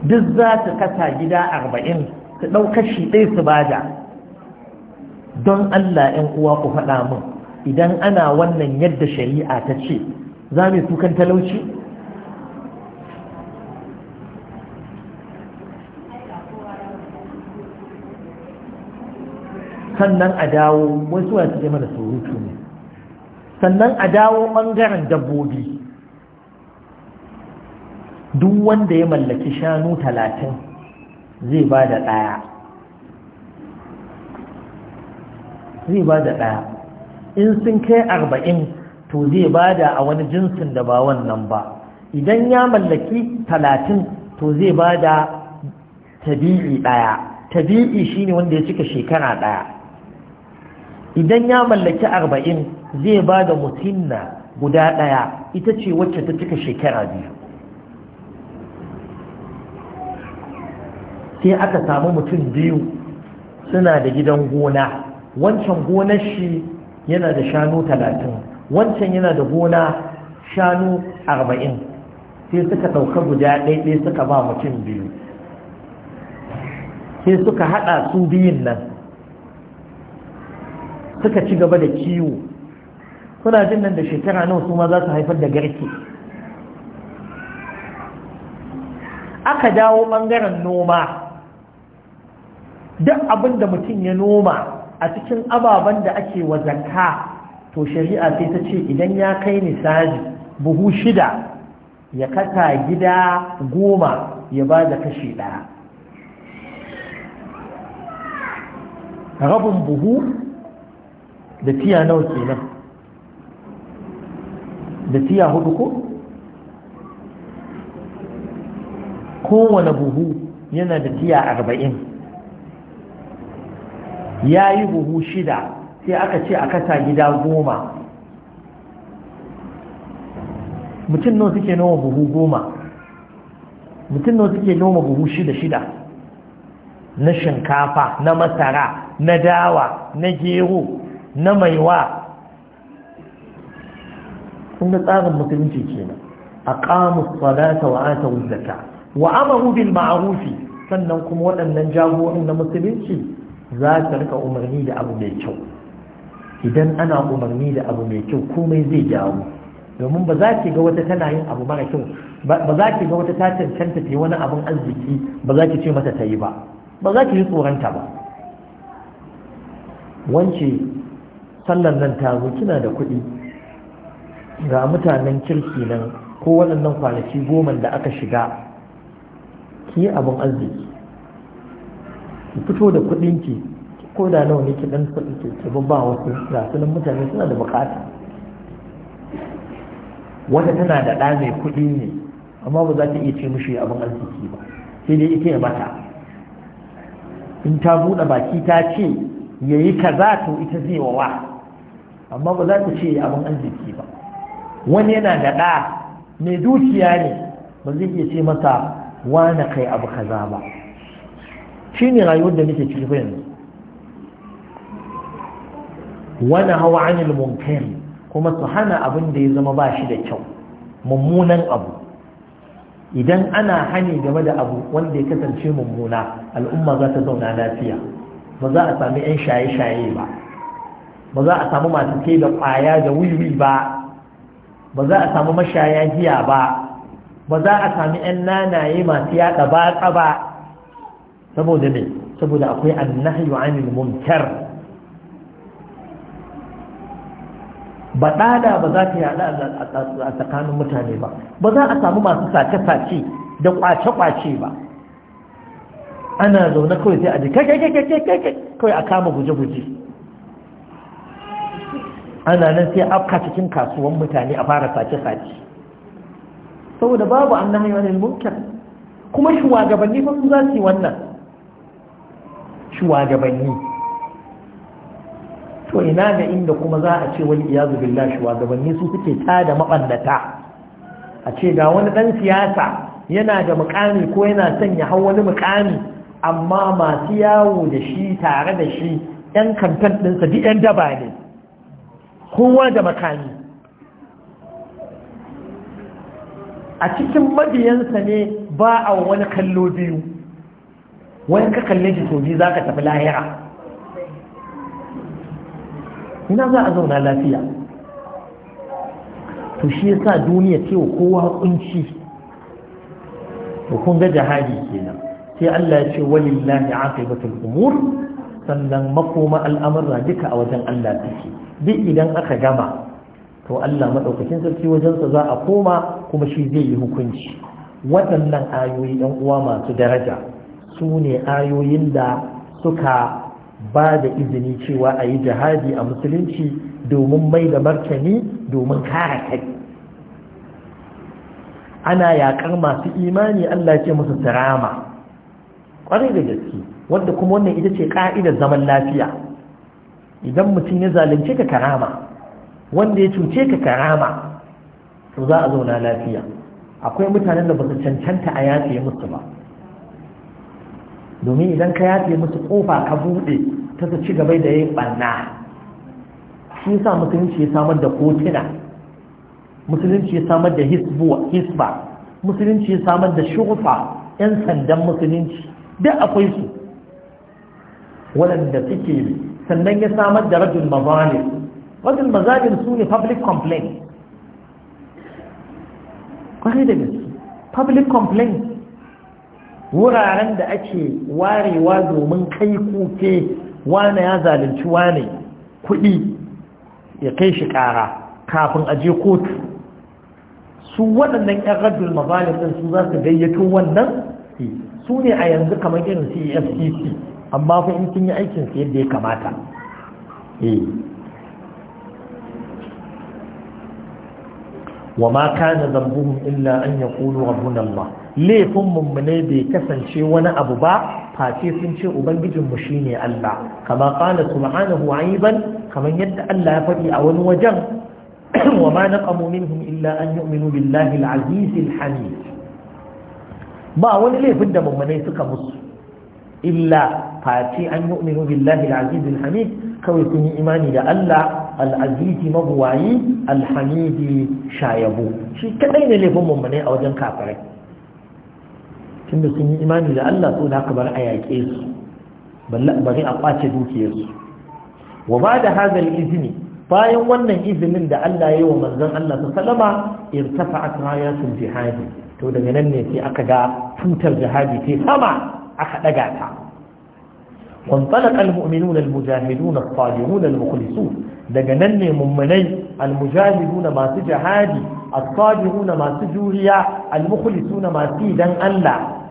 duk za su kasa gida arba'in su shi ɗaya su bada don Allah ‘yan uwa ku faɗa min idan ana wannan yadda shari'a ta ce za mu yi kukan talauci? sannan a dawo wasu wasu mana surutu ne sannan a dawo ɓangaren dabbobi duk wanda ya mallaki shanu talatin zai ba da ɗaya zai ba da ɗaya in sun kai arba'in to zai ba da a wani jinsin da ba wannan ba idan ya mallaki talatin to zai ba da tabi'i ɗaya tabi'i shine wanda ya cika shekara ɗaya idan ya mallaki arba'in zai ba da mutinna guda ɗaya ita ce wacce ta cika shekara biyu sai aka samu mutum biyu suna da gidan gona wancan gonar shi yana da shanu talatin wancan yana da gona shanu arba'in sai suka ɗauka guda ɗaiɗai suka ba mutum biyu sai suka haɗa su biyun nan suka ci gaba da kiwo suna jin nan da shekara nawa su ma za su haifar da garke aka dawo ɓangaren noma duk abin da mutum ya noma a cikin ababen da ake wa zakka to shari'a sai ta ce idan ya kai misali buhu shida ya kasa gida goma ya ba da kashi ɗaya rabin buhu da tiya nawa kenan da tiya hudu ko kowane buhu yana da tiya arba'in ya yi buhu shida sai aka ce a kasa gida goma mutum nan suke noma buhu goma mutum nan suke noma buhu shida shida na shinkafa na masara na dawa na gero na maiwa kunga tsarin musulunci kenan aqamu salata wa atu zakka wa amaru bil ma'arufi sannan kuma waɗannan jagorin na musulunci za ka rika umarni da abu mai kyau idan ana umarni da abu mai kyau komai zai jawo domin ba za ki ga wata tana yin abu mara kyau ba za ki ga wata ta cancanta ta yi wani abin arziki ba za ki ce mata ta yi ba ba za ki yi tsoronta ba wance sallan nan ta zo kina da kuɗi ga mutanen kirki nan ko waɗannan kwanaki goma da aka shiga ki abin arziki ki fito da kuɗin ki ko da nawa ne ki dan kuɗi ki ki ba wasu rasunan mutane suna da bukata wata tana da ɗa mai kuɗi ne amma ba za ta iya ce mishi abin arziki ba sai dai ita ya mata in ta buɗe baki ta ce ya yi kaza to ita zai wawa amma ba za ta ce abin arziki ba wani yana da ɗa mai dukiya ne ba zai iya ce masa wani kai abu kaza ba Shi ne rayuwar da nake ciki yanzu wani hawa anil munkari kuma su hana abin da ya zama ba shi da kyau mummunan abu idan ana hani game da abu wanda ya kasance mummuna al'umma za ta zauna lafiya ba za a sami 'yan shaye-shaye ba ba za a samu masu ke da kwaya da wiwi ba ba za a samu mashaya giya ba ba za a sami 'yan nanaye masu yaɗa ba ba saboda me saboda akwai wa anil munkar baɗaɗa ba za ta yaɗa a tsakanin mutane ba ba za a samu masu sace-sace da ƙwace-ƙwace ba ana zaune kawai sai a ji kai kai kai kai kawai a kama guje-guje ana nan sai afka cikin kasuwan mutane a fara sace-sace saboda babu annahi wa hanyar munkar kuma shugabanni fa su za su yi wannan shugabanni to ina ga inda kuma za a ce wani iyazu billah shugabanni su suke tada mabannata a ce ga wani dan siyasa yana da mukami ko yana son ya hau wani mukami amma masu yawo da shi tare da shi yan kamfen ɗinsa duk yan daba ne kowa da makami a cikin mabiyansa ne ba a wani kallo biyu wani ka kalle shi soji za ka tafi lahira ina za a zauna lafiya to shi yasa duniya ce wa kowa kunci to kun ga jihadi kenan sai Allah ya ce walillahi aqibatul umur sannan makoma al'amurra duka a wajen Allah take duk idan aka gama to Allah maɗaukacin sarki wajensa za a koma kuma shi zai yi hukunci waɗannan ayoyi ɗan uwa masu daraja su ne ayoyin da suka ba da izini cewa a yi jihadi a musulunci domin mai da martani domin kare kai ana yaƙar masu imani Allah ce musu sirama kwarai da gaske wanda kuma wannan ita ce ka'idar zaman lafiya idan mutum ya zalunce ka karama wanda ya cuce ka karama to za a zauna lafiya akwai mutanen da ba su cancanta a yafe musu ba domin idan ka yafe musu kofa ka buɗe ta su ci gaba da yin ɓanna shi sa musulunci ya samar da kotuna musulunci ya samar da hisba musulunci ya samar da shufa 'yan sandan musulunci duk akwai su waɗanda suke sannan ya samar da rajin mazalim rajin mazalim su ne public complaint kwarai da gaske public complaint wuraren da ake warewa domin kai kuke wane ya zalunci wane kuɗi ya kai shi ƙara kafin aje kotu su waɗannan 'yan raddul mazalim ɗin su za su gayyato wannan eh, su ne a yanzu kamar irin cfcc e amma fa in sun yi su yadda ya kamata eh. Wa ma kana zambuhum illa an yaqulu rabbuna Allah laifin mummune bai kasance wani abu ba face sun ce ubangijinmu shine Allah kama qala subhanahu ban, kaman yadda Allah ya faɗi a wani wajen wa ma naqamu minhum illa an yu'minu billahi al-aziz al-hamid ba wani laifin da mummune suka musu illa face an yu'minu billahi al-aziz al-hamid kawai sun yi imani da Allah al-aziz mabuwayi al-hamid shayabu shi kadai ne laifin mummune a wajen kafirai tunda sun yi imani da Allah so da haka bar a yaƙe su bari a ƙwace dukiyarsu wa ba da hazar izini bayan wannan izinin da Allah ya yi wa manzon Allah ta salama irtafa'at rayatul jihadi to daga nan ne sai aka ga tutar jihadi ta sama aka daga ta وانطلق المؤمنون المجاهدون الصالحون المخلصون daga nan ne mummunai almujahiduna masu jihadi as-sabiruna masu juriya al-mukhlisuna masu dan Allah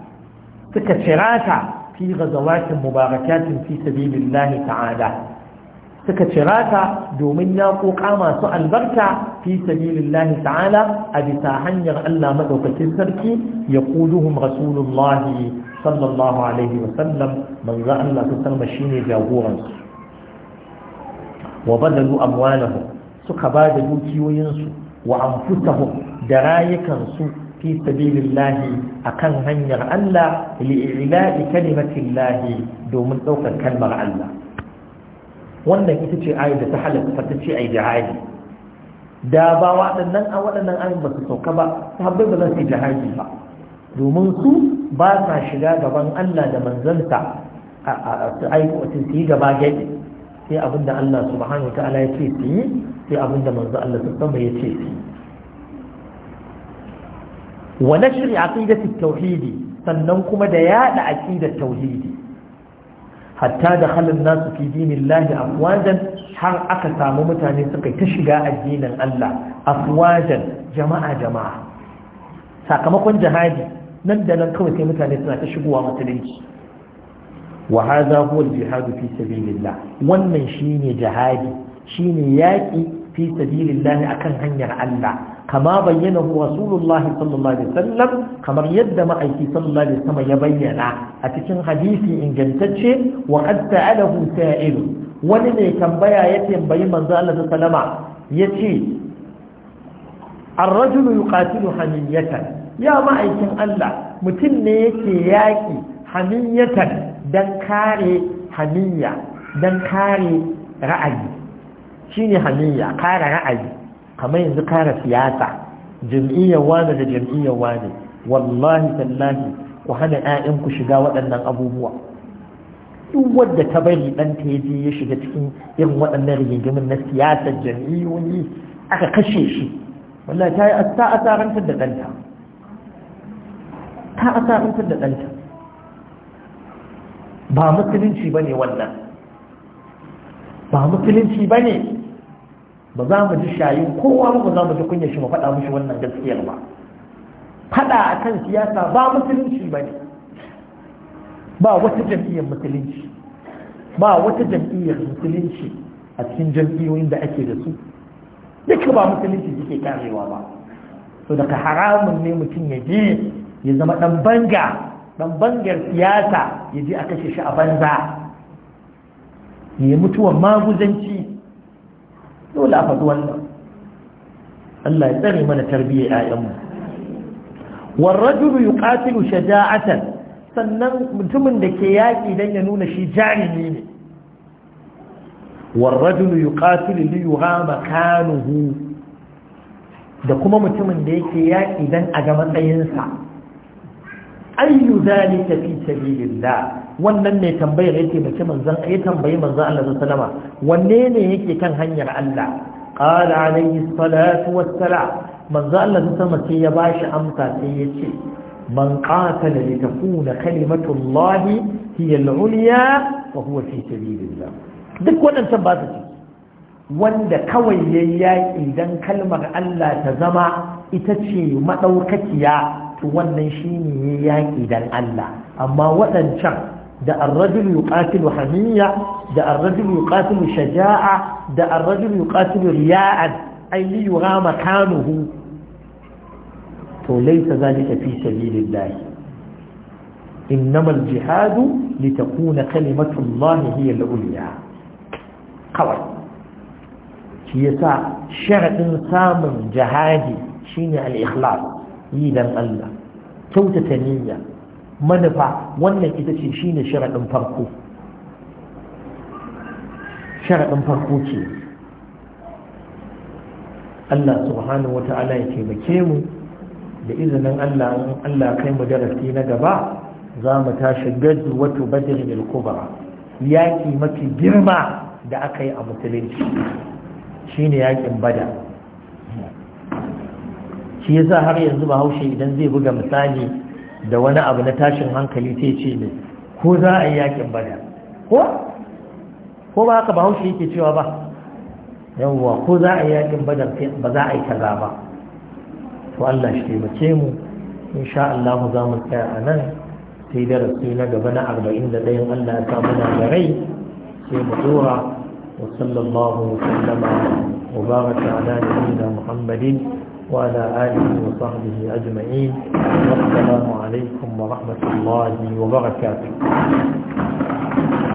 suka cirata fi gazawatin mubarakatin fi sabilillahi ta'ala suka cirata domin ya koka masu albarka fi sabilillahi ta'ala a bisa hanyar Allah madaukakin sarki ya kuduhum rasulullahi sallallahu alaihi wa sallam manzo Allah ta sallama shi ne jagoransu. wa badalu amwalahum suka ba da dukiyoyinsu wa anfusahum da rayukan su fi sabilillahi akan hanyar Allah li'ila'i kalimatillahi domin daukar kalmar Allah wannan ita ce ayar da ta halatta ta ce ai jihadi da ba waɗannan a waɗannan ayar ba su sauka ba sahabbai ba za su yi jihadi ba domin su ba sa shiga gaban Allah da manzanta a a su yi gaba gaɗi sai abinda Allah subhanahu wa ta'ala ya ce su yi sai abinda manzo Allah subhanahu ya ce su yi wa nashri aqidati tauhidi sannan kuma da yada aqidar tauhidi hatta da halin nasu fi dinillahi afwajan har aka samu mutane suka ta shiga addinin Allah afwajan jama'a jama'a sakamakon jihadi nan da nan kawai sai mutane suna ta shigowa musulunci wa hadha huwa al-jihad fi sabilillah wannan shine jihadi shine yaki fi sabilillah akan hanyar Allah kama bayyana hu rasulullahi sallallahu alaihi wasallam kamar yadda ma'aiki sallallahu alaihi ya bayyana a cikin hadisi ingantacce wa qad ta'alahu sa'il wani ne tambaya ya tambayi manzo Salama ya ce, wasallama yace ar-rajulu yuqatilu hamiyatan ya ma'aikin Allah mutum ne yake yaƙi hamiyyatar dan shine hamiya kare ra'ayi kamar yanzu kara siyasa jam'iyyar wani da jam'iyyar wani wallahi tallahi ku hana ƴaƴan ku shiga waɗannan abubuwa duk wadda ta bari ɗanta ya je ya shiga cikin irin waɗannan rigingimin na siyasar jam'iyyoyi aka kashe shi wallahi ta yi ta asarantar da ɗanta ta asarantar da ɗanta ba musulunci ba ne wannan ba musulunci ba ne ba za mu ji shayin kowa ba za mu ji kunya shi mu faɗa mushi wannan gaskiyar ba faɗa a kan siyasa ba musulunci ba ne ba wata jam'iyyar musulunci ba wata jam'iyyar musulunci a cikin jam'iyyoyin da ake da su duka ba musulunci suke karewa ba to daga haramun ne mutum ya je ya zama ɗan banga ɗan bangar siyasa ya je a kashe shi a banza ya mutuwan maguzanci dole a faɗi wannan Allah ya tsare mana tarbiyyar ƴaƴanmu warrajulu yuqatilu shaja'atan sannan mutumin da ke yaƙi dan ya nuna shi jarimi ne warrajulu yuqatilu li yuhama kanuhu da kuma mutumin da yake yaƙi dan a ga matsayinsa ayyu zalika fi sabilillah wannan mai tambayar ya taimaki manzan ya tambayi manzan Allah su salama wanne ne yake kan hanyar Allah ƙala alaihi salatu wassala manzan Allah su sama sai ya ba shi amsa sai ya ce man qatala na takuna kalimatu Allah hiya al-ulya wa huwa fi sabilillah duk waɗancan ba su ci wanda kawai yayi yaƙi don kalmar Allah ta zama ita ce maɗaukaciya, to wannan shine ya yaƙi dan Allah amma waɗancan دا الرجل يقاتل حمية دا الرجل يقاتل شجاعة دا الرجل يقاتل رياء أي ليغى مكانه فليس ذلك في سبيل الله إنما الجهاد لتكون كلمة الله هي العليا قوي في ساعة شرع سام جهادي شين الإخلاص إذا الله توتة نية manufa wannan ita ce shi ne sharaɗin farko sharaɗin farko ce Allah subhanahu ta'ala ya taimake mu da izinin Allah Allah kai mu darasi na gaba za mu tashi gadu wato badri al-kubra yaki mafi girma da aka yi a musulunci shine yaƙin bada shi yasa har yanzu bahaushe idan zai buga misali da wani abu na tashin hankali sai ce ne ko za a yi yakin bada ko ko ba haka ba haushi yake cewa ba yawwa ko za a yi yakin badar ba za a yi kaza ba to Allah shi taimake mu insha Allah za mu tsaya a nan sai darasi na gaba na 41 Allah ya samu na da rai sai mu dora wa sallallahu wa sallama wa baraka ala nabiyyina Muhammadin وعلى آله وصحبه أجمعين والسلام عليكم ورحمة الله وبركاته